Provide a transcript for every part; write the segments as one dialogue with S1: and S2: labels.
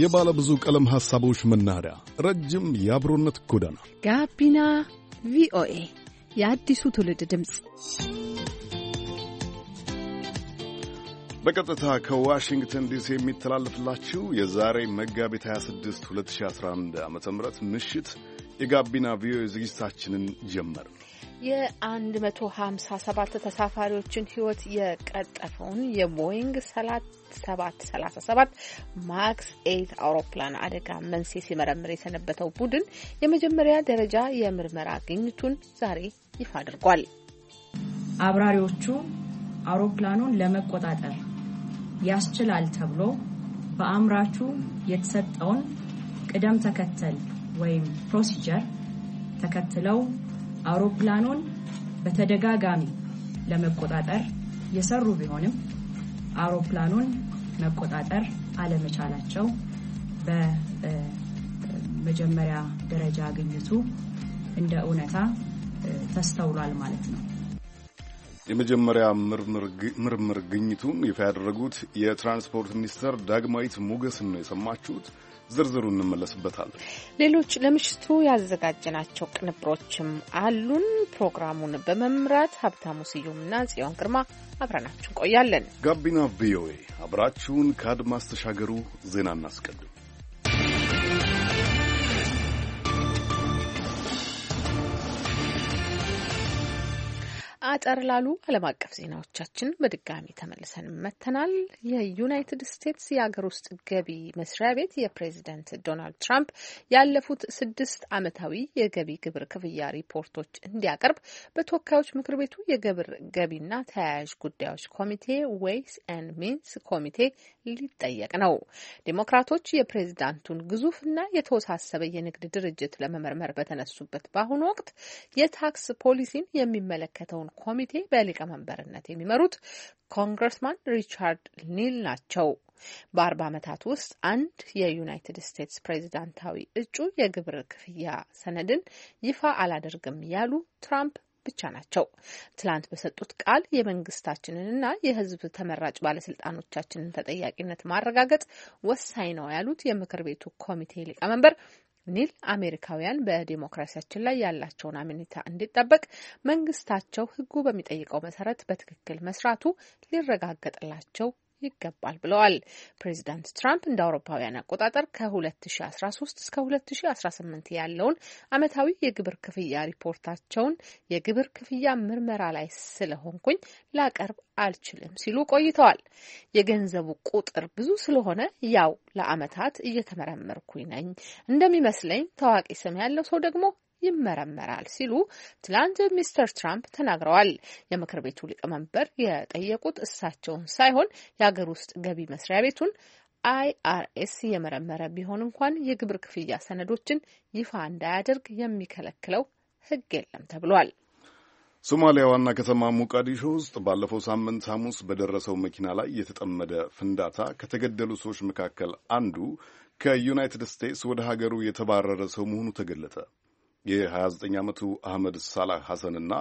S1: የባለ ብዙ ቀለም ሐሳቦች መናኸሪያ፣ ረጅም የአብሮነት ጎዳና፣
S2: ጋቢና ቪኦኤ የአዲሱ ትውልድ ድምፅ
S1: በቀጥታ ከዋሽንግተን ዲሲ የሚተላለፍላችሁ የዛሬ መጋቢት 26 2011 ዓ ም ምሽት የጋቢና ቪኦኤ ዝግጅታችንን ጀመርን።
S2: የ157 ተሳፋሪዎችን ሕይወት የቀጠፈውን የቦይንግ 737 ማክስ ኤት አውሮፕላን አደጋ መንስኤ ሲመረምር የሰነበተው ቡድን የመጀመሪያ ደረጃ የምርመራ ግኝቱን ዛሬ ይፋ
S3: አድርጓል። አብራሪዎቹ አውሮፕላኑን ለመቆጣጠር ያስችላል ተብሎ በአምራቹ የተሰጠውን ቅደም ተከተል ወይም ፕሮሲጀር ተከትለው አውሮፕላኑን በተደጋጋሚ ለመቆጣጠር የሰሩ ቢሆንም አውሮፕላኑን መቆጣጠር አለመቻላቸው በመጀመሪያ ደረጃ ግኝቱ እንደ እውነታ ተስተውሏል ማለት ነው።
S1: የመጀመሪያ ምርምር ግኝቱን ይፋ ያደረጉት የትራንስፖርት ሚኒስተር ዳግማዊት ሞገስን ነው የሰማችሁት። ዝርዝሩ እንመለስበታል።
S2: ሌሎች ለምሽቱ ያዘጋጀናቸው ቅንብሮችም አሉን። ፕሮግራሙን በመምራት ሀብታሙ ስዩምና ጽዮን ግርማ አብረናችሁ እንቆያለን።
S1: ጋቢና ቪኦኤ አብራችሁን ከአድማስ ተሻገሩ። ዜና እናስቀድም።
S2: አጠር ላሉ ዓለም አቀፍ ዜናዎቻችን በድጋሚ ተመልሰን መተናል። የዩናይትድ ስቴትስ የሀገር ውስጥ ገቢ መስሪያ ቤት የፕሬዚደንት ዶናልድ ትራምፕ ያለፉት ስድስት ዓመታዊ የገቢ ግብር ክፍያ ሪፖርቶች እንዲያቀርብ በተወካዮች ምክር ቤቱ የግብር ገቢና ተያያዥ ጉዳዮች ኮሚቴ ዌይስ ኤንድ ሚንስ ኮሚቴ ሊጠየቅ ነው። ዴሞክራቶች የፕሬዚዳንቱን ግዙፍና የተወሳሰበ የንግድ ድርጅት ለመመርመር በተነሱበት በአሁኑ ወቅት የታክስ ፖሊሲን የሚመለከተውን ኮሚቴ በሊቀመንበርነት የሚመሩት ኮንግረስማን ሪቻርድ ኒል ናቸው። በአርባ ዓመታት ውስጥ አንድ የዩናይትድ ስቴትስ ፕሬዚዳንታዊ እጩ የግብር ክፍያ ሰነድን ይፋ አላደርግም ያሉ ትራምፕ ብቻ ናቸው። ትላንት በሰጡት ቃል የመንግስታችንንና የህዝብ ተመራጭ ባለስልጣኖቻችንን ተጠያቂነት ማረጋገጥ ወሳኝ ነው ያሉት የምክር ቤቱ ኮሚቴ ሊቀመንበር በሚል አሜሪካውያን በዲሞክራሲያችን ላይ ያላቸውን አመኔታ እንዲጠበቅ መንግስታቸው ህጉ በሚጠይቀው መሰረት በትክክል መስራቱ ሊረጋገጥላቸው ይገባል ብለዋል። ፕሬዚዳንት ትራምፕ እንደ አውሮፓውያን አቆጣጠር ከ2013 እስከ 2018 ያለውን ዓመታዊ የግብር ክፍያ ሪፖርታቸውን የግብር ክፍያ ምርመራ ላይ ስለሆንኩኝ ላቀርብ አልችልም ሲሉ ቆይተዋል። የገንዘቡ ቁጥር ብዙ ስለሆነ ያው ለዓመታት እየተመረመርኩኝ ነኝ። እንደሚመስለኝ ታዋቂ ስም ያለው ሰው ደግሞ ይመረመራል ሲሉ ትላንት ሚስተር ትራምፕ ተናግረዋል። የምክር ቤቱ ሊቀመንበር የጠየቁት እሳቸውን ሳይሆን የሀገር ውስጥ ገቢ መስሪያ ቤቱን አይአርኤስ የመረመረ ቢሆን እንኳን የግብር ክፍያ ሰነዶችን ይፋ እንዳያደርግ የሚከለክለው ሕግ የለም ተብሏል።
S1: ሶማሊያ ዋና ከተማ ሞቃዲሾ ውስጥ ባለፈው ሳምንት ሐሙስ በደረሰው መኪና ላይ የተጠመደ ፍንዳታ ከተገደሉ ሰዎች መካከል አንዱ ከዩናይትድ ስቴትስ ወደ ሀገሩ የተባረረ ሰው መሆኑ ተገለጠ። የ29 ዓመቱ አህመድ ሳላህ ሐሰንና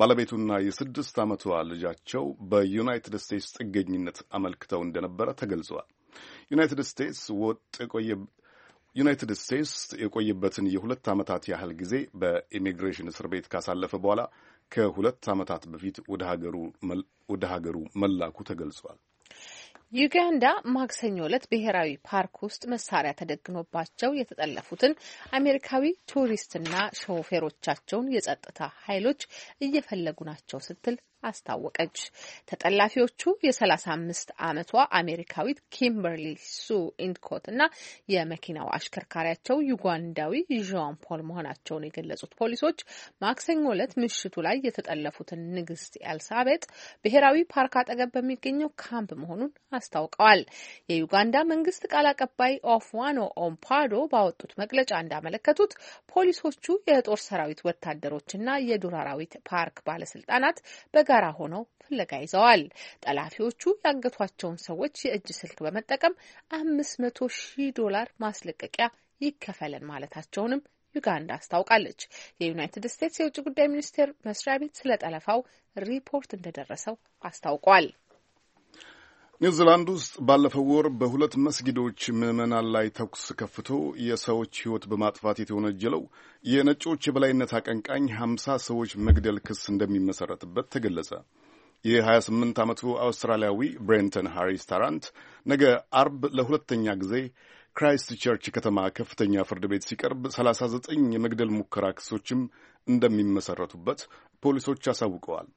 S1: ባለቤቱና የስድስት ዓመቷ ልጃቸው በዩናይትድ ስቴትስ ጥገኝነት አመልክተው እንደነበረ ተገልጸዋል። ዩናይትድ ስቴትስ ወጥ የቆየ ዩናይትድ ስቴትስ የቆየበትን የሁለት ዓመታት ያህል ጊዜ በኢሚግሬሽን እስር ቤት ካሳለፈ በኋላ ከሁለት ዓመታት በፊት ወደ ሀገሩ መላኩ ተገልጿል።
S2: ዩጋንዳ ማክሰኞ ዕለት ብሔራዊ ፓርክ ውስጥ መሳሪያ ተደግኖባቸው የተጠለፉትን አሜሪካዊ ቱሪስትና ሾፌሮቻቸውን የጸጥታ ኃይሎች እየፈለጉ ናቸው ስትል አስታወቀች። ተጠላፊዎቹ የ35 ዓመቷ አሜሪካዊት ኪምበርሊ ሱ ኢንድኮት እና የመኪናው አሽከርካሪያቸው ዩጋንዳዊ ዣን ፖል መሆናቸውን የገለጹት ፖሊሶች ማክሰኞ ዕለት ምሽቱ ላይ የተጠለፉትን ንግስት ኤልሳቤጥ ብሔራዊ ፓርክ አጠገብ በሚገኘው ካምፕ መሆኑን አስታውቀዋል። የዩጋንዳ መንግስት ቃል አቀባይ ኦፍዋኖ ኦምፓዶ ባወጡት መግለጫ እንዳመለከቱት ፖሊሶቹ የጦር ሰራዊት ወታደሮችና የዱር አራዊት ፓርክ ባለስልጣናት በጋራ ሆነው ፍለጋ ይዘዋል። ጠላፊዎቹ ያገቷቸውን ሰዎች የእጅ ስልክ በመጠቀም አምስት መቶ ሺህ ዶላር ማስለቀቂያ ይከፈለን ማለታቸውንም ዩጋንዳ አስታውቃለች። የዩናይትድ ስቴትስ የውጭ ጉዳይ ሚኒስቴር መስሪያ ቤት ስለ ጠለፋው ሪፖርት እንደደረሰው አስታውቋል።
S1: ኒውዚላንድ ውስጥ ባለፈው ወር በሁለት መስጊዶች ምዕመናን ላይ ተኩስ ከፍቶ የሰዎች ሕይወት በማጥፋት የተወነጀለው የነጮች የበላይነት አቀንቃኝ ሀምሳ ሰዎች መግደል ክስ እንደሚመሰረትበት ተገለጸ። የ28 ዓመቱ አውስትራሊያዊ ብሬንተን ሃሪስ ታራንት ነገ አርብ ለሁለተኛ ጊዜ ክራይስት ቸርች ከተማ ከፍተኛ ፍርድ ቤት ሲቀርብ 39 የመግደል ሙከራ ክሶችም እንደሚመሰረቱበት ፖሊሶች አሳውቀዋል።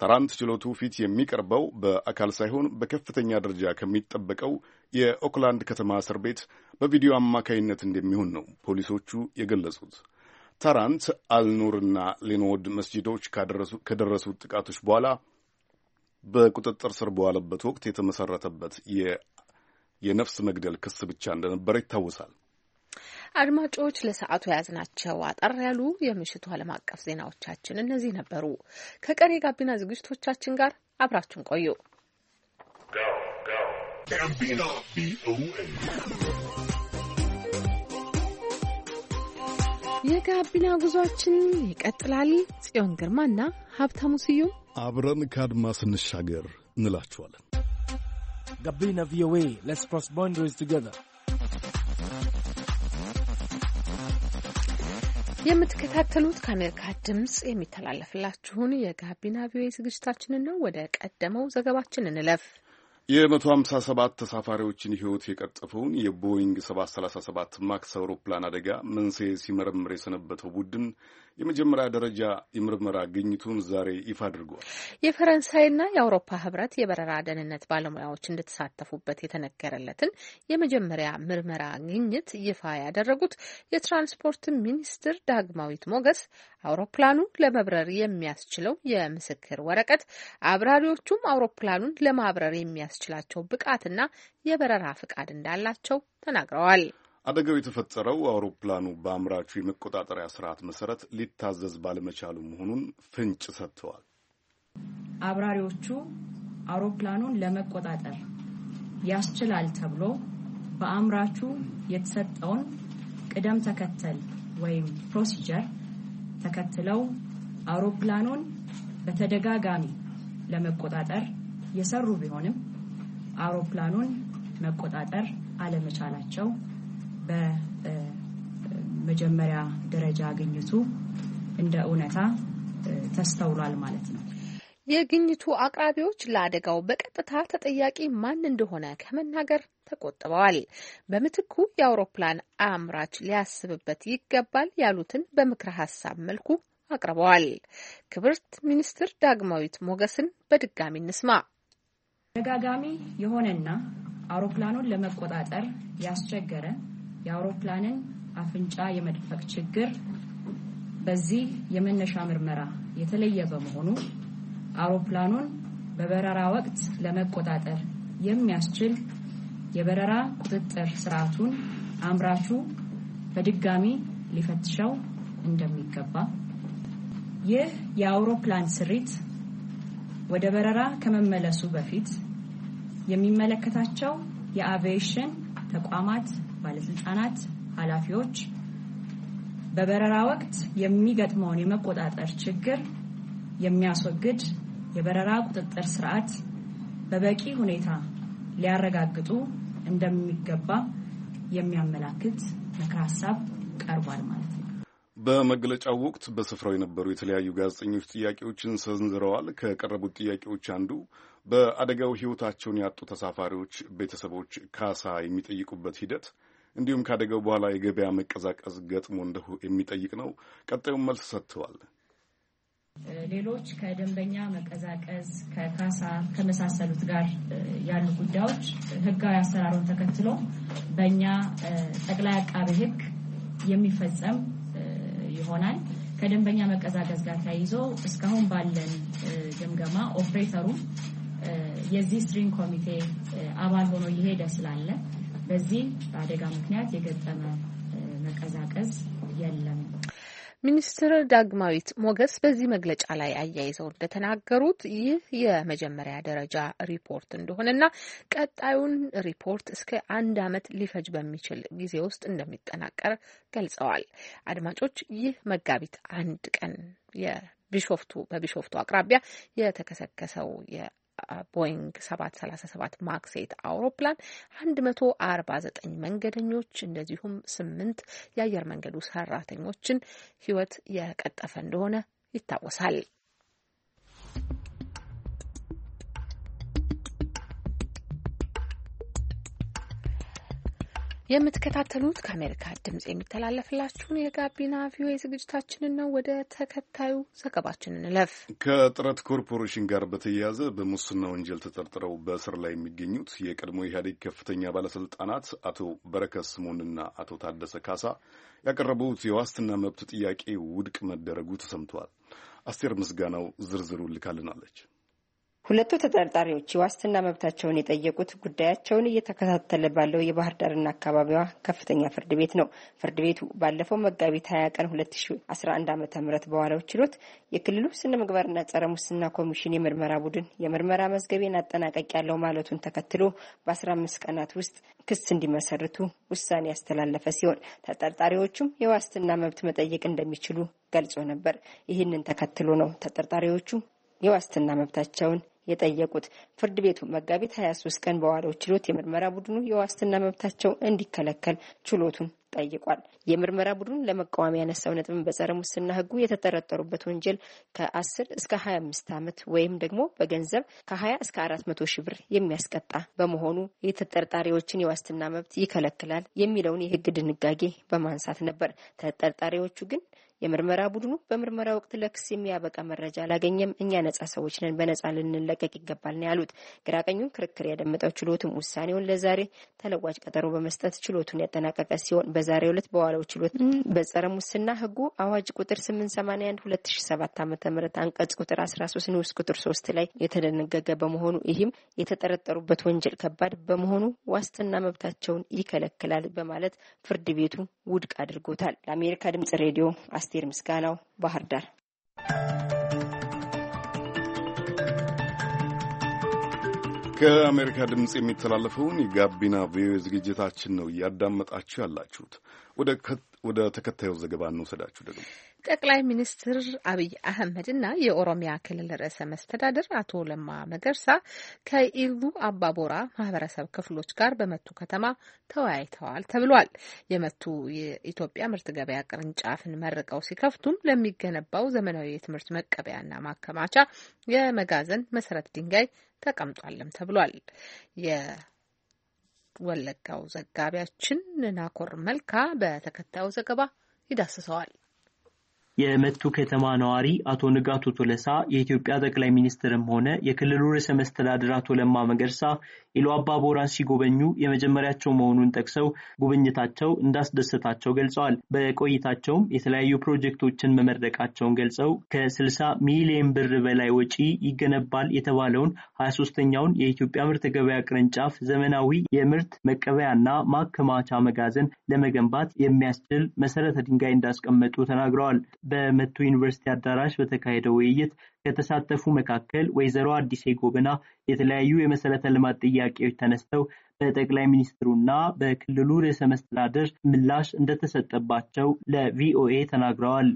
S1: ታራንት ችሎቱ ፊት የሚቀርበው በአካል ሳይሆን በከፍተኛ ደረጃ ከሚጠበቀው የኦክላንድ ከተማ እስር ቤት በቪዲዮ አማካይነት እንደሚሆን ነው ፖሊሶቹ የገለጹት። ታራንት አልኑርና ሌንዎድ መስጂዶች ከደረሱት ጥቃቶች በኋላ በቁጥጥር ስር በዋለበት ወቅት የተመሰረተበት የነፍስ መግደል ክስ ብቻ እንደነበረ ይታወሳል።
S2: አድማጮች ለሰዓቱ የያዝናቸው አጠር ያሉ የምሽቱ ዓለም አቀፍ ዜናዎቻችን እነዚህ ነበሩ። ከቀሪ ጋቢና ዝግጅቶቻችን ጋር አብራችሁን ቆዩ። የጋቢና ጉዟችን ይቀጥላል። ጽዮን ግርማና ሀብታሙ ስዩም
S1: አብረን ከአድማ ስንሻገር እንላችኋለን።
S4: ጋቢና ቪኦኤ ሌትስ ክሮስ ባውንደሪስ ቱጌዘር
S2: የምትከታተሉት ከአሜሪካ ድምጽ የሚተላለፍላችሁን የጋቢና ቪኦኤ ዝግጅታችንን ነው። ወደ ቀደመው ዘገባችን እንለፍ።
S1: የመቶ 5 157 ተሳፋሪዎችን ሕይወት የቀጠፈውን የቦይንግ 737 ማክስ አውሮፕላን አደጋ መንስኤ ሲመረምር የሰነበተው ቡድን የመጀመሪያ ደረጃ የምርመራ ግኝቱን ዛሬ ይፋ አድርጓል።
S2: የፈረንሳይና የአውሮፓ ህብረት የበረራ ደህንነት ባለሙያዎች እንደተሳተፉበት የተነገረለትን የመጀመሪያ ምርመራ ግኝት ይፋ ያደረጉት የትራንስፖርት ሚኒስትር ዳግማዊት ሞገስ አውሮፕላኑ ለመብረር የሚያስችለው የምስክር ወረቀት፣ አብራሪዎቹም አውሮፕላኑን ለማብረር የሚያስችላቸው ብቃትና የበረራ ፍቃድ እንዳላቸው ተናግረዋል።
S1: አደጋው የተፈጠረው አውሮፕላኑ በአምራቹ የመቆጣጠሪያ ስርዓት መሰረት ሊታዘዝ ባለመቻሉ መሆኑን ፍንጭ ሰጥተዋል።
S3: አብራሪዎቹ አውሮፕላኑን ለመቆጣጠር ያስችላል ተብሎ በአምራቹ የተሰጠውን ቅደም ተከተል ወይም ፕሮሲጀር ተከትለው አውሮፕላኑን በተደጋጋሚ ለመቆጣጠር የሰሩ ቢሆንም አውሮፕላኑን መቆጣጠር አለመቻላቸው በመጀመሪያ ደረጃ ግኝቱ እንደ እውነታ ተስተውሏል
S2: ማለት ነው። የግኝቱ አቅራቢዎች ለአደጋው በቀጥታ ተጠያቂ ማን እንደሆነ ከመናገር ተቆጥበዋል። በምትኩ የአውሮፕላን አምራች ሊያስብበት ይገባል ያሉትን በምክረ ሀሳብ መልኩ አቅርበዋል። ክብርት ሚኒስትር ዳግማዊት ሞገስን በድጋሚ እንስማ። ተደጋጋሚ የሆነና
S3: አውሮፕላኑን ለመቆጣጠር ያስቸገረ የአውሮፕላንን አፍንጫ የመድፈቅ ችግር በዚህ የመነሻ ምርመራ የተለየ በመሆኑ አውሮፕላኑን በበረራ ወቅት ለመቆጣጠር የሚያስችል የበረራ ቁጥጥር ስርዓቱን አምራቹ በድጋሚ ሊፈትሸው እንደሚገባ፣ ይህ የአውሮፕላን ስሪት ወደ በረራ ከመመለሱ በፊት የሚመለከታቸው የአቪዬሽን ተቋማት ባለስልጣናት፣ ኃላፊዎች በበረራ ወቅት የሚገጥመውን የመቆጣጠር ችግር የሚያስወግድ የበረራ ቁጥጥር ስርዓት በበቂ ሁኔታ ሊያረጋግጡ እንደሚገባ የሚያመላክት ምክር ሀሳብ ቀርቧል ማለት ነው።
S1: በመግለጫው ወቅት በስፍራው የነበሩ የተለያዩ ጋዜጠኞች ጥያቄዎችን ሰንዝረዋል። ከቀረቡት ጥያቄዎች አንዱ በአደጋው ሕይወታቸውን ያጡ ተሳፋሪዎች ቤተሰቦች ካሳ የሚጠይቁበት ሂደት እንዲሁም ከአደጋው በኋላ የገበያ መቀዛቀዝ ገጥሞ እንደሁ የሚጠይቅ ነው። ቀጣዩን መልስ ሰጥተዋል።
S3: ሌሎች ከደንበኛ መቀዛቀዝ፣ ከካሳ ከመሳሰሉት ጋር ያሉ ጉዳዮች ህጋዊ አሰራሩን ተከትሎ በእኛ ጠቅላይ አቃቤ ህግ የሚፈጸም ይሆናል። ከደንበኛ መቀዛቀዝ ጋር ተያይዞ እስካሁን ባለን ግምገማ ኦፕሬተሩ የዚህ ስትሪንግ ኮሚቴ አባል ሆኖ እየሄደ ስላለ በዚህ በአደጋ ምክንያት የገጠመ መቀዛቀዝ የለም።
S2: ሚኒስትር ዳግማዊት ሞገስ በዚህ መግለጫ ላይ አያይዘው እንደተናገሩት ይህ የመጀመሪያ ደረጃ ሪፖርት እንደሆነና ቀጣዩን ሪፖርት እስከ አንድ ዓመት ሊፈጅ በሚችል ጊዜ ውስጥ እንደሚጠናቀር ገልጸዋል። አድማጮች ይህ መጋቢት አንድ ቀን የቢሾፍቱ በቢሾፍቱ አቅራቢያ የተከሰከሰው ቦይንግ 737 ማክሴት አውሮፕላን 149 መንገደኞች እንደዚሁም ስምንት የአየር መንገዱ ሰራተኞችን ሕይወት የቀጠፈ እንደሆነ ይታወሳል። የምትከታተሉት ከአሜሪካ ድምጽ የሚተላለፍላችሁን የጋቢና ቪኦኤ ዝግጅታችንን ነው። ወደ ተከታዩ ዘገባችን
S1: እንለፍ። ከጥረት ኮርፖሬሽን ጋር በተያያዘ በሙስና ወንጀል ተጠርጥረው በእስር ላይ የሚገኙት የቀድሞ ኢህአዴግ ከፍተኛ ባለስልጣናት አቶ በረከት ስምኦንና አቶ ታደሰ ካሳ ያቀረቡት የዋስትና መብት ጥያቄ ውድቅ መደረጉ ተሰምተዋል። አስቴር ምስጋናው ዝርዝሩ ልካልናለች።
S5: ሁለቱ ተጠርጣሪዎች የዋስትና መብታቸውን የጠየቁት ጉዳያቸውን እየተከታተለ ባለው የባህር ዳርና አካባቢዋ ከፍተኛ ፍርድ ቤት ነው። ፍርድ ቤቱ ባለፈው መጋቢት ሀያ ቀን ሁለት ሺ አስራ አንድ በዋለው ችሎት የክልሉ ስነ ምግባርና ጸረ ሙስና ኮሚሽን የምርመራ ቡድን የምርመራ መዝገቤን አጠናቀቅ ያለው ማለቱን ተከትሎ በአስራ አምስት ቀናት ውስጥ ክስ እንዲመሰርቱ ውሳኔ ያስተላለፈ ሲሆን ተጠርጣሪዎቹም የዋስትና መብት መጠየቅ እንደሚችሉ ገልጾ ነበር። ይህንን ተከትሎ ነው ተጠርጣሪዎቹ የዋስትና መብታቸውን የጠየቁት። ፍርድ ቤቱ መጋቢት 23 ቀን በዋለው ችሎት የምርመራ ቡድኑ የዋስትና መብታቸው እንዲከለከል ችሎቱን ጠይቋል። የምርመራ ቡድኑ ለመቃወም ያነሳው ነጥብን በጸረ ሙስና ህጉ የተጠረጠሩበት ወንጀል ከ10 እስከ 25 ዓመት ወይም ደግሞ በገንዘብ ከ20 እስከ 400 ሺህ ብር የሚያስቀጣ በመሆኑ የተጠርጣሪዎችን የዋስትና መብት ይከለክላል የሚለውን የህግ ድንጋጌ በማንሳት ነበር። ተጠርጣሪዎቹ ግን የምርመራ ቡድኑ በምርመራ ወቅት ለክስ የሚያበቃ መረጃ አላገኘም፣ እኛ ነጻ ሰዎች ነን፣ በነጻ ልንለቀቅ ይገባል ነው ያሉት። ግራቀኙን ክርክር ያደመጠው ችሎትም ውሳኔውን ለዛሬ ተለዋጭ ቀጠሮ በመስጠት ችሎቱን ያጠናቀቀ ሲሆን በዛሬው ዕለት በዋለው ችሎት በጸረ ሙስና ህጉ አዋጅ ቁጥር 881 2007 ዓ ም አንቀጽ ቁጥር 13 ንዑስ ቁጥር 3 ላይ የተደነገገ በመሆኑ ይህም የተጠረጠሩበት ወንጀል ከባድ በመሆኑ ዋስትና መብታቸውን ይከለክላል በማለት ፍርድ ቤቱ ውድቅ አድርጎታል። ለአሜሪካ ድምጽ ሬዲዮ አስቴር ምስጋናው ባህር ዳር።
S1: ከአሜሪካ ድምፅ የሚተላለፈውን የጋቢና ቪኦኤ ዝግጅታችን ነው እያዳመጣችሁ ያላችሁት። ወደ ወደ ተከታዩ ዘገባ እንውሰዳችሁ ደግሞ
S2: ጠቅላይ ሚኒስትር አብይ አህመድና የኦሮሚያ ክልል ርዕሰ መስተዳድር አቶ ለማ መገርሳ ከኢሉ አባቦራ ማህበረሰብ ክፍሎች ጋር በመቱ ከተማ ተወያይተዋል ተብሏል። የመቱ የኢትዮጵያ ምርት ገበያ ቅርንጫፍን መርቀው ሲከፍቱም ለሚገነባው ዘመናዊ የትምህርት መቀበያና ማከማቻ የመጋዘን መሰረት ድንጋይ ተቀምጧልም ተብሏል። ወለጋው ዘጋቢያችን ናኮር መልካ በተከታዩ ዘገባ ይዳስሰዋል።
S6: የመቱ ከተማ ነዋሪ አቶ ንጋቱ ቶለሳ የኢትዮጵያ ጠቅላይ ሚኒስትርም ሆነ የክልሉ ርዕሰ መስተዳድር አቶ ለማ መገርሳ ኢሉ አባቦራን ሲጎበኙ የመጀመሪያቸው መሆኑን ጠቅሰው ጉብኝታቸው እንዳስደሰታቸው ገልጸዋል። በቆይታቸውም የተለያዩ ፕሮጀክቶችን መመረቃቸውን ገልጸው ከ60 ሚሊዮን ብር በላይ ወጪ ይገነባል የተባለውን 23ኛውን የኢትዮጵያ ምርት ገበያ ቅርንጫፍ ዘመናዊ የምርት መቀበያና ማከማቻ መጋዘን ለመገንባት የሚያስችል መሰረተ ድንጋይ እንዳስቀመጡ ተናግረዋል። በመቶ ዩኒቨርሲቲ አዳራሽ በተካሄደው ውይይት ከተሳተፉ መካከል ወይዘሮ አዲሴ ጎበና የተለያዩ የመሰረተ ልማት ጥያቄዎች ተነስተው በጠቅላይ ሚኒስትሩና በክልሉ ርዕሰ መስተዳደር ምላሽ እንደተሰጠባቸው ለቪኦኤ ተናግረዋል።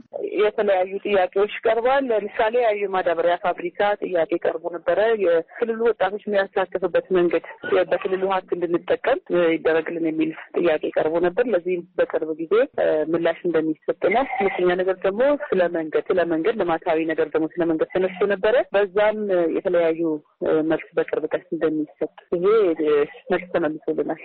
S7: የተለያዩ ጥያቄዎች ቀርቧል። ለምሳሌ የማዳበሪያ ፋብሪካ ጥያቄ ቀርቦ ነበረ። የክልሉ ወጣቶች የሚያሳተፍበት መንገድ በክልሉ ሀብት እንድንጠቀም ይደረግልን የሚል ጥያቄ ቀርቦ ነበር። ለዚህም በቅርብ ጊዜ ምላሽ እንደሚሰጥ ነው። ሁለተኛ ነገር ደግሞ ስለ መንገድ ስለ መንገድ ልማታዊ ነገር ደግሞ ስለ መንገድ ተነስቶ ነበረ። በዛም የተለያዩ መልስ በቅርብ ቀስ እንደሚሰጥ ይሄ መልስ ተመልሶልናል።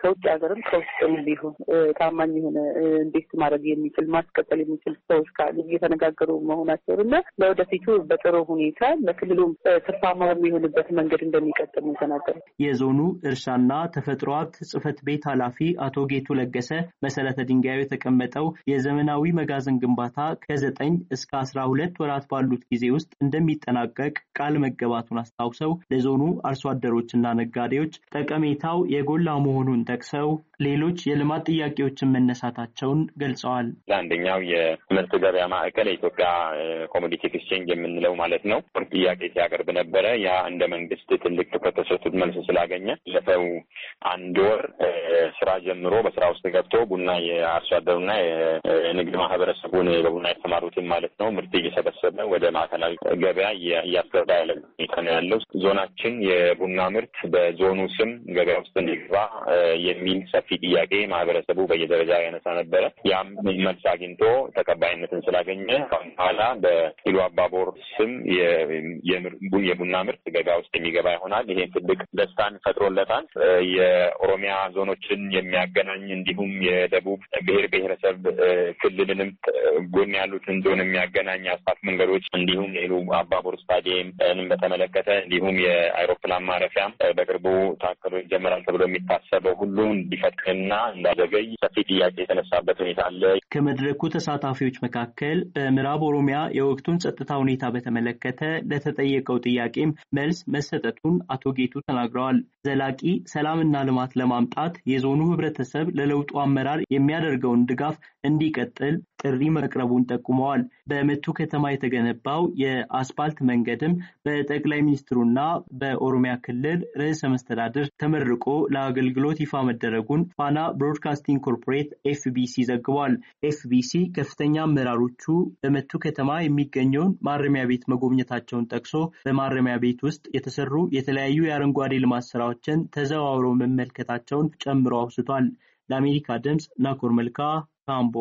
S7: ከውጭ ሀገርም ከውስጥም ቢሆን ታማኝ የሆነ እንዴት ማድረግ የሚችል ማስቀጠል የሚችል ሰዎች ካሉ እየተነጋገሩ መሆናቸውን እና ለወደፊቱ በጥሩ ሁኔታ ለክልሉም ትርፋማ የሚሆንበት መንገድ እንደሚቀጥል ነው ተናገሩ።
S6: የዞኑ እርሻና ተፈጥሮ ሀብት ጽሕፈት ቤት ኃላፊ አቶ ጌቱ ለገሰ መሰረተ ድንጋዩ የተቀመጠው የዘመናዊ መጋዘን ግንባታ ከዘጠኝ እስከ አስራ ሁለት ወራት ባሉት ጊዜ ውስጥ እንደሚጠናቀቅ ቃል መገባቱን አስታውሰው ለዞኑ አርሶ አደሮችና ነጋዴዎች ጠቀሜታ ሁኔታው የጎላ መሆኑን ጠቅሰው ሌሎች የልማት ጥያቄዎችን መነሳታቸውን ገልጸዋል።
S7: አንደኛው የምርት ገበያ ማዕከል የኢትዮጵያ ኮሞዲቲ ኤክስቼንጅ የምንለው ማለት ነው ጥያቄ ሲያቀርብ ነበረ። ያ እንደ መንግስት ትልቅ ትኩረት ተሰጥቶት መልስ ስላገኘ ለፈው አንድ ወር ስራ ጀምሮ በስራ ውስጥ ገብቶ ቡና የአርሶ አደሩና የንግድ ማህበረሰቡን በቡና የተማሩትን ማለት ነው ምርት እየሰበሰበ ወደ ማዕከላዊ ገበያ እያስገባ ያለ ሁኔታ ነው ያለው። ዞናችን የቡና ምርት በዞኑ ስም ገበያ ገበያ ውስጥ እንዲገባ የሚል ሰፊ ጥያቄ ማህበረሰቡ በየደረጃ ያነሳ ነበረ። ያም መልስ አግኝቶ ተቀባይነትን ስላገኘ በኋላ በኢሉ አባቦር ስም የቡና ምርት ገበያ ውስጥ የሚገባ ይሆናል። ይሄን ትልቅ ደስታን ፈጥሮለታል። የኦሮሚያ ዞኖችን የሚያገናኝ እንዲሁም የደቡብ ብሔር ብሔረሰብ ክልልንም ጎን ያሉትን ዞን የሚያገናኝ አስፋት መንገዶች እንዲሁም የኢሉ አባቦር ስታዲየምንም በተመለከተ እንዲሁም የአይሮፕላን ማረፊያም በቅርቡ ታክሎ ይጀምራል ተብሎ የሚታሰበው ሁሉ እንዲፈጥንና እንዳዘገይ ሰፊ ጥያቄ የተነሳበት ሁኔታ አለ።
S6: ከመድረኩ ተሳታፊዎች መካከል በምዕራብ ኦሮሚያ የወቅቱን ጸጥታ ሁኔታ በተመለከተ ለተጠየቀው ጥያቄም መልስ መሰጠቱን አቶ ጌቱ ተናግረዋል። ዘላቂ ሰላምና ልማት ለማምጣት የዞኑ ህብረተሰብ ለለውጡ አመራር የሚያደርገውን ድጋፍ እንዲቀጥል ጥሪ መቅረቡን ጠቁመዋል። በመቱ ከተማ የተገነባው የአስፓልት መንገድም በጠቅላይ ሚኒስትሩና በኦሮሚያ ክልል ርዕሰ መስተዳድር ተመርቆ ለአገልግሎት ይፋ መደረጉን ፋና ብሮድካስቲንግ ኮርፖሬት ኤፍቢሲ ዘግቧል። ኤፍቢሲ ከፍተኛ አመራሮቹ በመቱ ከተማ የሚገኘውን ማረሚያ ቤት መጎብኘታቸውን ጠቅሶ በማረሚያ ቤት ውስጥ የተሰሩ የተለያዩ የአረንጓዴ ልማት ስራዎችን ተዘዋውረው መመልከታቸውን ጨምሮ አውስቷል። ለአሜሪካ ድምፅ ናኮር መልካ አምቦ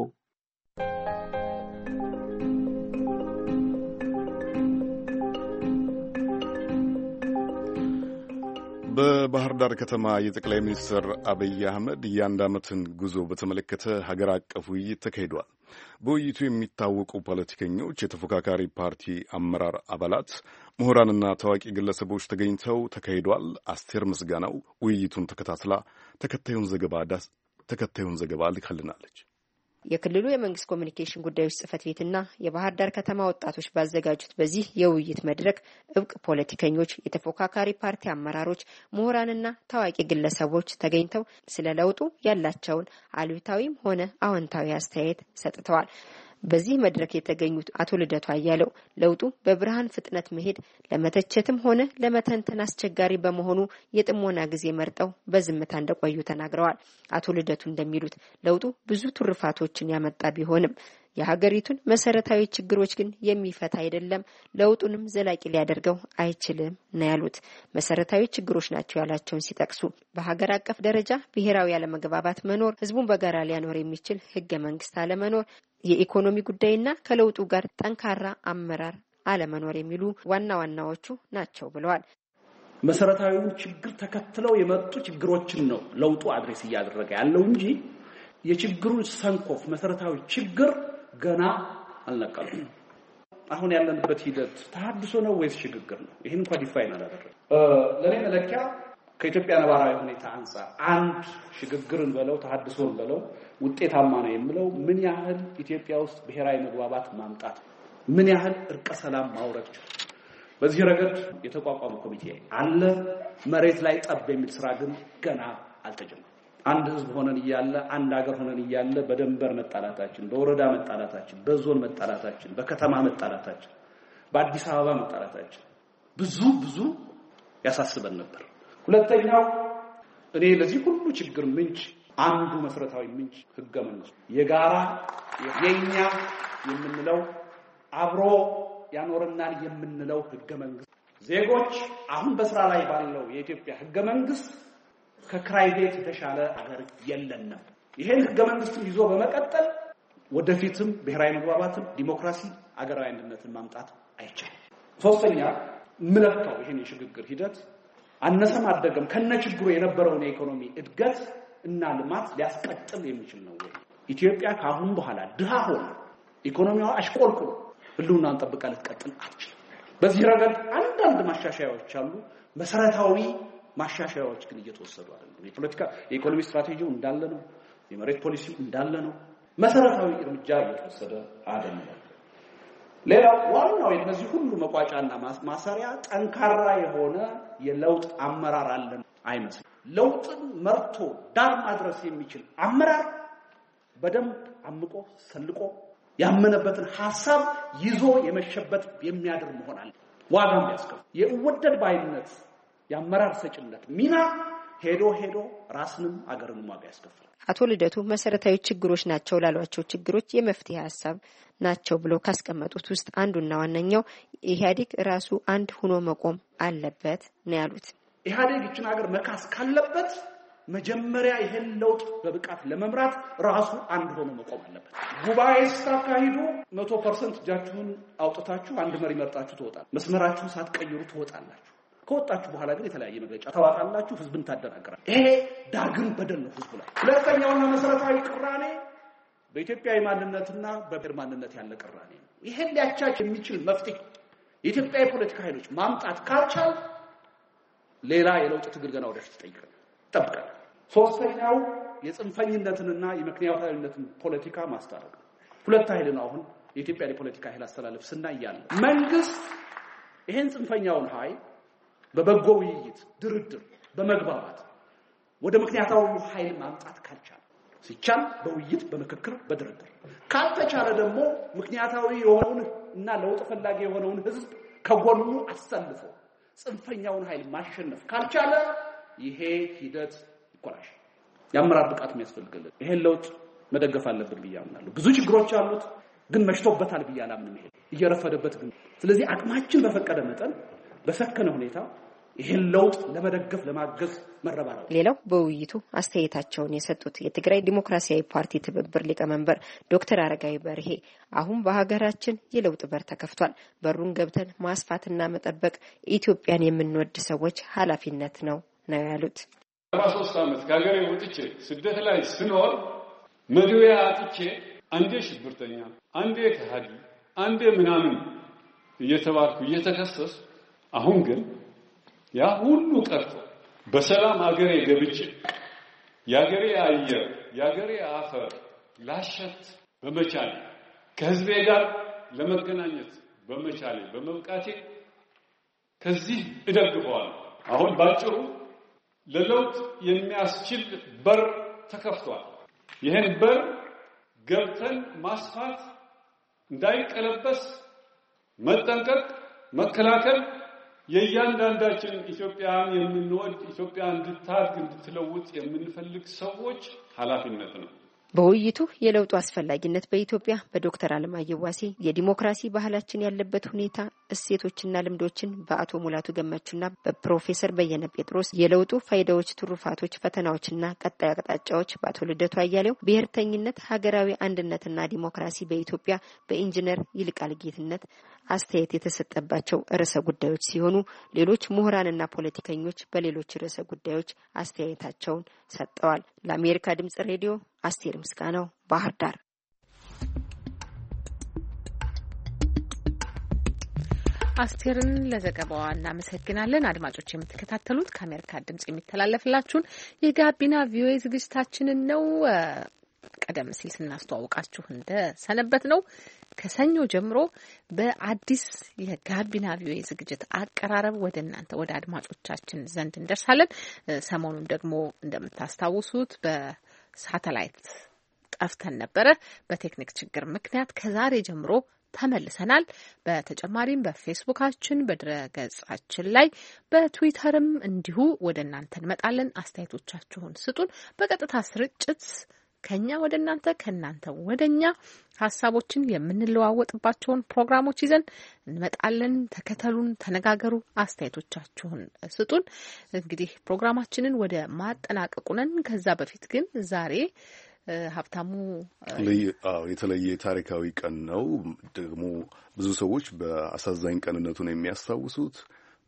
S1: በባህር ዳር ከተማ የጠቅላይ ሚኒስትር አብይ አህመድ የአንድ ዓመትን ጉዞ በተመለከተ ሀገር አቀፍ ውይይት ተካሂዷል። በውይይቱ የሚታወቁ ፖለቲከኞች፣ የተፎካካሪ ፓርቲ አመራር አባላት፣ ምሁራንና ታዋቂ ግለሰቦች ተገኝተው ተካሂዷል። አስቴር ምስጋናው ውይይቱን ተከታትላ ተከታዩን ዘገባ ልካልናለች።
S5: የክልሉ የመንግስት ኮሚኒኬሽን ጉዳዮች ጽህፈት ቤትና የባህር ዳር ከተማ ወጣቶች ባዘጋጁት በዚህ የውይይት መድረክ እብቅ ፖለቲከኞች፣ የተፎካካሪ ፓርቲ አመራሮች፣ ምሁራንና ታዋቂ ግለሰቦች ተገኝተው ስለ ለውጡ ያላቸውን አሉታዊም ሆነ አዎንታዊ አስተያየት ሰጥተዋል። በዚህ መድረክ የተገኙት አቶ ልደቱ አያለው ለውጡ በብርሃን ፍጥነት መሄድ ለመተቸትም ሆነ ለመተንተን አስቸጋሪ በመሆኑ የጥሞና ጊዜ መርጠው በዝምታ እንደቆዩ ተናግረዋል። አቶ ልደቱ እንደሚሉት ለውጡ ብዙ ትሩፋቶችን ያመጣ ቢሆንም የሀገሪቱን መሰረታዊ ችግሮች ግን የሚፈታ አይደለም፣ ለውጡንም ዘላቂ ሊያደርገው አይችልም ነው ያሉት። መሰረታዊ ችግሮች ናቸው ያላቸውን ሲጠቅሱ በሀገር አቀፍ ደረጃ ብሔራዊ አለመግባባት መኖር፣ ህዝቡን በጋራ ሊያኖር የሚችል ህገ መንግስት አለመኖር፣ የኢኮኖሚ ጉዳይና ከለውጡ ጋር ጠንካራ አመራር አለመኖር የሚሉ ዋና ዋናዎቹ ናቸው ብለዋል።
S4: መሰረታዊውን ችግር ተከትለው የመጡ ችግሮችን ነው ለውጡ አድሬስ እያደረገ ያለው እንጂ የችግሩን ሰንኮፍ መሰረታዊ ችግር ገና አልነቀሉም። አሁን ያለንበት ሂደት ተሃድሶ ነው ወይስ ሽግግር ነው? ይህን እንኳ ዲፋይን አላደረግም። ለእኔ መለኪያ ከኢትዮጵያ ነባራዊ ሁኔታ አንጻር አንድ ሽግግርን በለው ተሀድሶን በለው ውጤታማ ነው የምለው ምን ያህል ኢትዮጵያ ውስጥ ብሔራዊ መግባባት ማምጣት ምን ያህል እርቀ ሰላም ማውረድ ችሏል። በዚህ ረገድ የተቋቋመ ኮሚቴ አለ። መሬት ላይ ጠብ የሚል ስራ ግን ገና አልተጀመረም። አንድ ህዝብ ሆነን እያለ አንድ ሀገር ሆነን እያለ በደንበር መጣላታችን፣ በወረዳ መጣላታችን፣ በዞን መጣላታችን፣ በከተማ መጣላታችን፣ በአዲስ አበባ መጣላታችን ብዙ ብዙ ያሳስበን ነበር። ሁለተኛው እኔ ለዚህ ሁሉ ችግር ምንጭ አንዱ መሰረታዊ ምንጭ ህገ መንግስቱ የጋራ የኛ የምንለው አብሮ ያኖረናል የምንለው ህገ መንግስት ዜጎች አሁን በስራ ላይ ባለው የኢትዮጵያ ህገ መንግስት ከክራይ ቤት የተሻለ አገር የለንም። ይሄን ህገ መንግስትም ይዞ በመቀጠል ወደፊትም ብሔራዊ መግባባትን፣ ዲሞክራሲ፣ አገራዊ አንድነትን ማምጣት አይቻልም። ሶስተኛ ምለካው ይህን የሽግግር ሂደት አነሰም አደገም ከነ ችግሩ የነበረውን የኢኮኖሚ እድገት እና ልማት ሊያስቀጥል የሚችል ነው። ኢትዮጵያ ከአሁን በኋላ ድሃ ሆነ ኢኮኖሚዋ አሽቆልቁሎ ህልውናን ጠብቃ ልትቀጥል አትችልም። በዚህ ረገድ አንዳንድ ማሻሻያዎች አሉ። መሰረታዊ ማሻሻያዎች ግን እየተወሰዱ አይደለም። የፖለቲካ የኢኮኖሚ ስትራቴጂው እንዳለ ነው። የመሬት ፖሊሲው እንዳለ ነው። መሰረታዊ እርምጃ እየተወሰደ አይደለም። ሌላው ዋናው የነዚህ ሁሉ መቋጫና ማሰሪያ ጠንካራ የሆነ የለውጥ አመራር አለን አይመስልም። ለውጥን መርቶ ዳር ማድረስ የሚችል አመራር በደንብ አምቆ ሰልቆ ያመነበትን ሀሳብ ይዞ የመሸበት የሚያድር መሆን አለ። ዋጋም ያስከፍል። የእወደድ ባይነት የአመራር ሰጭነት ሚና ሄዶ ሄዶ ራስንም አገርንም ዋጋ ያስከፍላል።
S5: አቶ ልደቱ መሰረታዊ ችግሮች ናቸው ላሏቸው ችግሮች የመፍትሄ ሀሳብ ናቸው ብሎ ካስቀመጡት ውስጥ አንዱና ዋነኛው ኢህአዴግ ራሱ አንድ ሆኖ መቆም አለበት
S4: ነው ያሉት። ኢህአዴግ ይችን ሀገር መካስ ካለበት መጀመሪያ ይህን ለውጥ በብቃት ለመምራት ራሱ አንድ ሆኖ መቆም አለበት። ጉባኤ ስታካሂዱ መቶ ፐርሰንት እጃችሁን አውጥታችሁ አንድ መሪ መርጣችሁ ትወጣል። መስመራችሁን ሳትቀይሩ ትወጣላችሁ። ከወጣችሁ በኋላ ግን የተለያየ መግለጫ ታወጣላችሁ፣ ህዝብን ታደናግራል። ይሄ ዳግም በደል ነው ህዝቡ ላይ። ሁለተኛውና መሰረታዊ ቅራኔ በኢትዮጵያዊ ማንነትና በብሔር ማንነት ያለ ቅራኔ ነው። ይሄን ሊያቻች የሚችል መፍትሄ የኢትዮጵያ የፖለቲካ ኃይሎች ማምጣት ካልቻል ሌላ የለውጥ ትግል ገና ወደፊት ይጠይቃል ይጠብቃል። ሶስተኛው የጽንፈኝነትንና የምክንያታዊነትን ፖለቲካ ማስታረቅ ነው። ሁለት ኃይል ነው አሁን የኢትዮጵያ የፖለቲካ ኃይል አስተላለፍ ስናይ ያለ መንግስት ይሄን ጽንፈኛውን ኃይል በበጎ ውይይት፣ ድርድር፣ በመግባባት ወደ ምክንያታዊ ኃይል ማምጣት ካልቻለ ሲቻል በውይይት በምክክር በድርድር ካልተቻለ ደግሞ ምክንያታዊ የሆነውን እና ለውጥ ፈላጊ የሆነውን ህዝብ ከጎኑ አሰልፎ ጽንፈኛውን ኃይል ማሸነፍ ካልቻለ ይሄ ሂደት ይኮላሽ። የአመራር ብቃት የሚያስፈልግልን ይሄን ለውጥ መደገፍ አለብን ብዬ አምናለሁ። ብዙ ችግሮች አሉት፣ ግን መሽቶበታል ብዬ አላምንም። ይሄ እየረፈደበት ግን፣ ስለዚህ አቅማችን በፈቀደ መጠን በሰከነ ሁኔታ ይህን ለውጥ ለመደገፍ ለማገዝ መረባረብ።
S5: ሌላው በውይይቱ አስተያየታቸውን የሰጡት የትግራይ ዲሞክራሲያዊ ፓርቲ ትብብር ሊቀመንበር ዶክተር አረጋዊ በርሄ አሁን በሀገራችን የለውጥ በር ተከፍቷል። በሩን ገብተን ማስፋትና መጠበቅ ኢትዮጵያን የምንወድ ሰዎች ኃላፊነት ነው ነው ያሉት።
S4: ሰባ ሶስት ዓመት ከሀገሬ ወጥቼ ስደት ላይ ስኖር መግቢያ አጥቼ አንዴ ሽብርተኛ፣ አንዴ ከሃዲ፣ አንዴ ምናምን እየተባልኩ እየተከሰስ አሁን ግን ያ ሁሉ ቀርቶ በሰላም ሀገሬ ገብቼ የአገሬ አየር የአገሬ አፈር ላሸት በመቻሌ ከህዝቤ ጋር ለመገናኘት በመቻሌ በመብቃቴ ከዚህ እደግፈዋል። አሁን ባጭሩ ለለውጥ የሚያስችል በር ተከፍቷል። ይህን በር ገብተን ማስፋት እንዳይቀለበስ መጠንቀቅ፣ መከላከል የእያንዳንዳችን ኢትዮጵያን የምንወድ ኢትዮጵያ እንድታድግ እንድትለውጥ የምንፈልግ ሰዎች ኃላፊነት ነው።
S5: በውይይቱ የለውጡ አስፈላጊነት በኢትዮጵያ በዶክተር አለማየሁ ዋሴ የዲሞክራሲ ባህላችን ያለበት ሁኔታ እሴቶችና ልምዶችን በአቶ ሙላቱ ገመቹና በፕሮፌሰር በየነ ጴጥሮስ የለውጡ ፋይዳዎች፣ ትሩፋቶች፣ ፈተናዎችና ቀጣይ አቅጣጫዎች በአቶ ልደቱ አያሌው ብሔርተኝነት፣ ሀገራዊ አንድነትና ዲሞክራሲ በኢትዮጵያ በኢንጂነር ይልቃል ጌትነት አስተያየት የተሰጠባቸው ርዕሰ ጉዳዮች ሲሆኑ ሌሎች ምሁራንና ፖለቲከኞች በሌሎች ርዕሰ ጉዳዮች አስተያየታቸውን ሰጥተዋል። ለአሜሪካ ድምጽ ሬዲዮ አስቴር ምስጋናው ባህር ዳር
S2: አስቴርን ለዘገባዋ እናመሰግናለን። አድማጮች የምትከታተሉት ከአሜሪካ ድምጽ የሚተላለፍላችሁን የጋቢና ቪኦኤ ዝግጅታችንን ነው። ቀደም ሲል ስናስተዋውቃችሁ እንደ ሰነበት ነው ከሰኞ ጀምሮ በአዲስ የጋቢና ቪኦኤ ዝግጅት አቀራረብ ወደ እናንተ ወደ አድማጮቻችን ዘንድ እንደርሳለን። ሰሞኑን ደግሞ እንደምታስታውሱት በሳተላይት ጠፍተን ነበረ በቴክኒክ ችግር ምክንያት ከዛሬ ጀምሮ ተመልሰናል። በተጨማሪም በፌስቡካችን፣ በድረ ገጻችን ላይ በትዊተርም እንዲሁ ወደ እናንተ እንመጣለን። አስተያየቶቻችሁን ስጡን። በቀጥታ ስርጭት ከኛ ወደ እናንተ ከእናንተ ወደ እኛ ሀሳቦችን የምንለዋወጥባቸውን ፕሮግራሞች ይዘን እንመጣለን። ተከተሉን፣ ተነጋገሩ፣ አስተያየቶቻችሁን ስጡን። እንግዲህ ፕሮግራማችንን ወደ ማጠናቀቁ ነን። ከዛ በፊት ግን ዛሬ ሀብታሙ
S1: የተለየ ታሪካዊ ቀን ነው። ደግሞ ብዙ ሰዎች በአሳዛኝ ቀንነቱ ነው የሚያስታውሱት።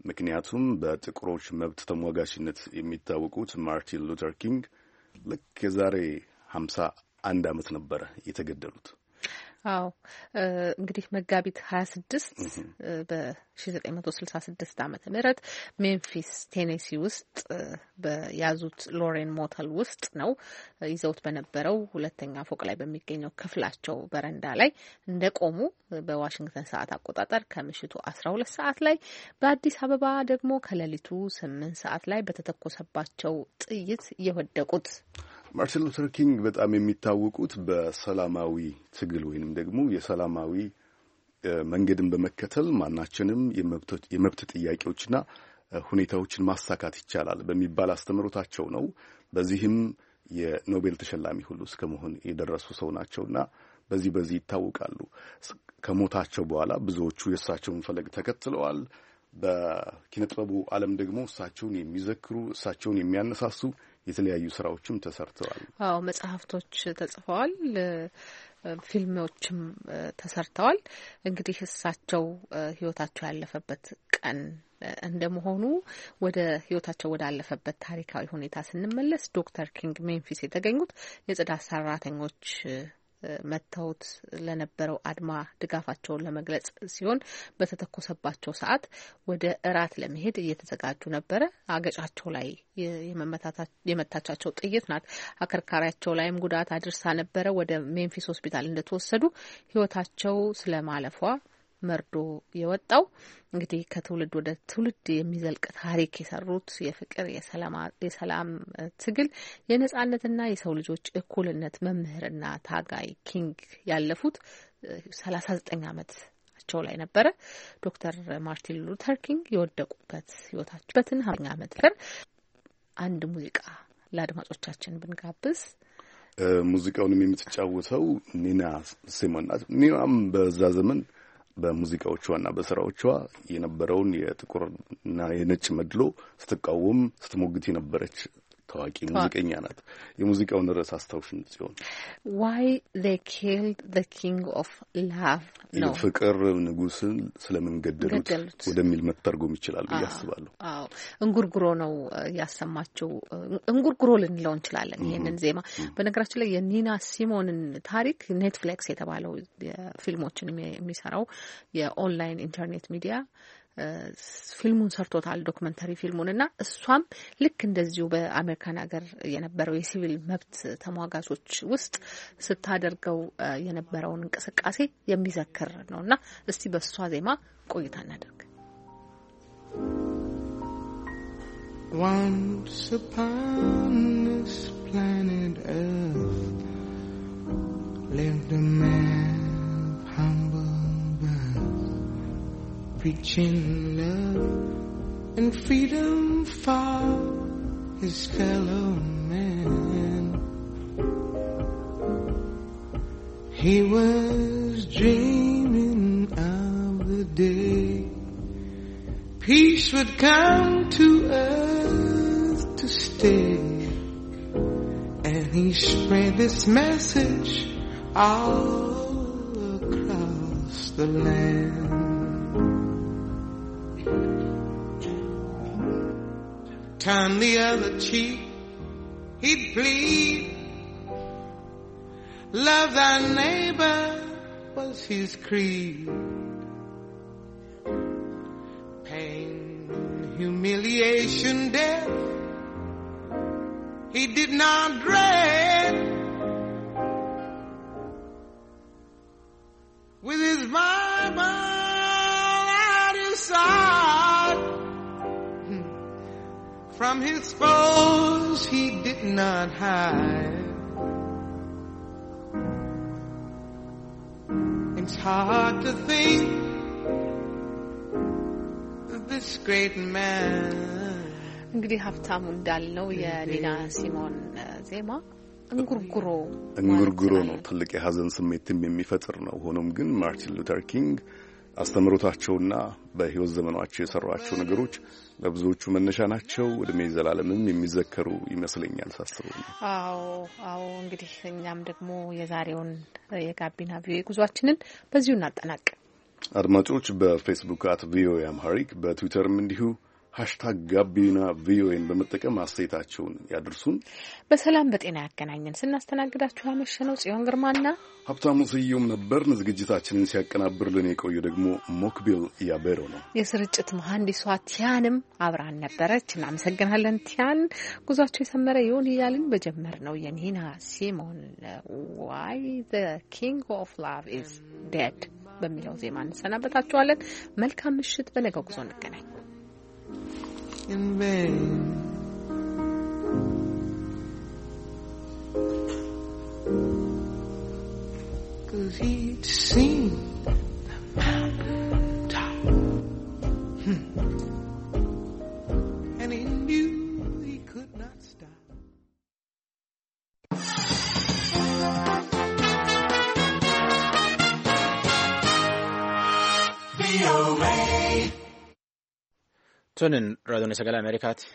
S1: ምክንያቱም በጥቁሮች መብት ተሟጋችነት የሚታወቁት ማርቲን ሉተር ኪንግ ልክ የዛሬ ሀምሳ አንድ አመት ነበረ የተገደሉት።
S2: አዎ እንግዲህ መጋቢት ሀያ ስድስት በሺ ዘጠኝ መቶ ስልሳ ስድስት ዓመተ ምህረት ሜምፊስ ቴኔሲ ውስጥ በያዙት ሎሬን ሞተል ውስጥ ነው ይዘውት በነበረው ሁለተኛ ፎቅ ላይ በሚገኘው ክፍላቸው በረንዳ ላይ እንደቆሙ በዋሽንግተን ሰዓት አቆጣጠር ከምሽቱ አስራ ሁለት ሰዓት ላይ በአዲስ አበባ ደግሞ ከሌሊቱ ስምንት ሰዓት ላይ በተተኮሰባቸው ጥይት የወደቁት
S1: ማርቲን ሉተር ኪንግ በጣም የሚታወቁት በሰላማዊ ትግል ወይንም ደግሞ የሰላማዊ መንገድን በመከተል ማናችንም የመብት ጥያቄዎችና ሁኔታዎችን ማሳካት ይቻላል በሚባል አስተምሮታቸው ነው። በዚህም የኖቤል ተሸላሚ ሁሉ እስከ መሆን የደረሱ ሰው ናቸውና በዚህ በዚህ ይታወቃሉ። ከሞታቸው በኋላ ብዙዎቹ የእሳቸውን ፈለግ ተከትለዋል። በኪነጥበቡ ዓለም ደግሞ እሳቸውን የሚዘክሩ እሳቸውን የሚያነሳሱ የተለያዩ ስራዎችም ተሰርተዋል።
S2: አዎ መጽሐፍቶች ተጽፈዋል። ፊልሞችም ተሰርተዋል። እንግዲህ እሳቸው ህይወታቸው ያለፈበት ቀን እንደመሆኑ ወደ ህይወታቸው ወዳለፈበት ታሪካዊ ሁኔታ ስንመለስ ዶክተር ኪንግ ሜንፊስ የተገኙት የጽዳት ሰራተኞች መተውት ለነበረው አድማ ድጋፋቸውን ለመግለጽ ሲሆን በተተኮሰባቸው ሰዓት ወደ እራት ለመሄድ እየተዘጋጁ ነበረ። አገጫቸው ላይ የመታቻቸው ጥይት ናት። አከርካሪያቸው ላይም ጉዳት አድርሳ ነበረ። ወደ ሜንፊስ ሆስፒታል እንደተወሰዱ ህይወታቸው ስለማለፏ መርዶ የወጣው እንግዲህ ከትውልድ ወደ ትውልድ የሚዘልቅ ታሪክ የሰሩት የፍቅር የሰላም ትግል የነጻነትና የሰው ልጆች እኩልነት መምህርና ታጋይ ኪንግ ያለፉት ሰላሳ ዘጠኝ አመት ቸው ላይ ነበረ። ዶክተር ማርቲን ሉተር ኪንግ የወደቁበት ህይወታቸውበትን ሀኛ ዓመት ነበር። አንድ ሙዚቃ ለአድማጮቻችን ብንጋብዝ
S1: ሙዚቃውንም የምትጫወተው ኒና ሲሞን ናት። ኒናም በዛ ዘመን በሙዚቃዎቿና በስራዎቿ የነበረውን የጥቁርና የነጭ መድሎ ስትቃወም ስትሞግት የነበረች ታዋቂ ሙዚቀኛ ናት። የሙዚቃውን ርዕስ አስታውሽን ጽዮን።
S2: ዋይ ኪልድ ዘ ኪንግ ኦፍ ላቭ ነው።
S1: ፍቅር ንጉስን ስለምን ገደሉት ወደሚል መተርጎም ይችላል ብዬ አስባለሁ።
S2: አዎ እንጉርጉሮ ነው ያሰማችው። እንጉርጉሮ ልንለው እንችላለን ይህንን ዜማ። በነገራችን ላይ የኒና ሲሞንን ታሪክ ኔትፍሊክስ የተባለው ፊልሞችን የሚሰራው የኦንላይን ኢንተርኔት ሚዲያ ፊልሙን ሰርቶታል፣ ዶክመንተሪ ፊልሙን እና እሷም ልክ እንደዚሁ በአሜሪካን ሀገር የነበረው የሲቪል መብት ተሟጋቾች ውስጥ ስታደርገው የነበረውን እንቅስቃሴ የሚዘክር ነው እና እስቲ በእሷ ዜማ ቆይታ እናደርግ።
S8: Once upon this planet Earth lived a man humble reaching love and freedom for his fellow man. He was dreaming of the day peace would come to earth to stay. And he spread this message all across the land. turn the other cheek, he'd plead. Love thy neighbor was his creed. Pain, humiliation, death, he did not dread. With his mind. From his foes he did not hide. It's hard to think
S2: this great man. እንግዲህ ሀብታሙ እንዳልነው የሊና ሲሞን ዜማ እንጉርጉሮ
S1: እንጉርጉሮ ነው። ትልቅ የሀዘን ስሜትም የሚፈጥር ነው። ሆኖም ግን ማርቲን ሉተር ኪንግ አስተምሮታቸውና በሕይወት ዘመኗቸው የሰሯቸው ነገሮች ለብዙዎቹ መነሻ ናቸው። እድሜ ዘላለምም የሚዘከሩ ይመስለኛል ሳስበው።
S2: አዎ አዎ። እንግዲህ እኛም ደግሞ የዛሬውን የጋቢና ቪኦኤ ጉዟችንን በዚሁ እናጠናቅ።
S1: አድማጮች በፌስቡክ አት ቪኦኤ አምሃሪክ በትዊተርም እንዲሁ ሀሽታግ ጋቢና ቪኦኤን በመጠቀም አስተያየታቸውን ያደርሱን።
S2: በሰላም በጤና ያገናኘን። ስናስተናግዳችሁ ያመሸነው ጽዮን ግርማና
S1: ሀብታሙ ስዩም ነበርን። ዝግጅታችንን ሲያቀናብርልን የቆየ ደግሞ ሞክቢል ያቤሮ ነው።
S2: የስርጭት መሐንዲሷ ቲያንም አብራን ነበረች። እናመሰግናለን ቲያን። ጉዟቸው የሰመረ ይሁን እያልን በጀመር ነው የኒና ሲሞን ዋይ ዘ ኪንግ ኦፍ ላቭ ኢዝ ዴድ በሚለው ዜማ እንሰናበታችኋለን። መልካም ምሽት። በነገው ጉዞ እንገናኝ።
S8: in vain. Cause he'd seen the mountain top. Hmm.
S7: Sono in Radio Sagalia Americati.